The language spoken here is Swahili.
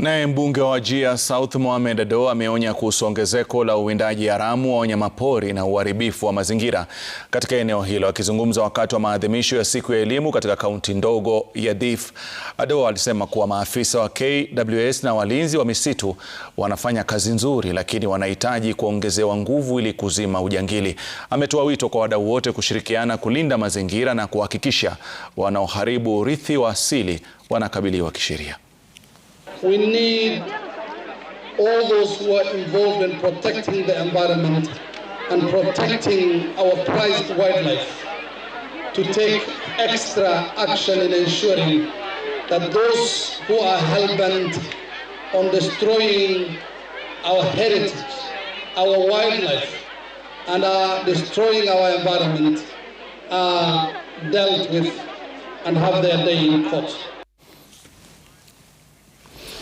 Naye mbunge wa Wajir South Mohamed Adow ameonya kuhusu ongezeko la uwindaji haramu wa wanyamapori na uharibifu wa mazingira katika eneo hilo. Akizungumza wakati wa maadhimisho ya siku ya elimu katika kaunti ndogo ya Dif, Adow alisema kuwa maafisa wa KWS na walinzi wa misitu wanafanya kazi nzuri, lakini wanahitaji kuongezewa nguvu ili kuzima ujangili. Ametoa wito kwa wadau wote kushirikiana kulinda mazingira na kuhakikisha wanaoharibu urithi wa asili wanakabiliwa kisheria. We need all those who are involved in protecting the environment and protecting our prized wildlife to take extra action in ensuring that those who are hell-bent on destroying our heritage, our wildlife, and are destroying our environment are dealt with and have their day in court.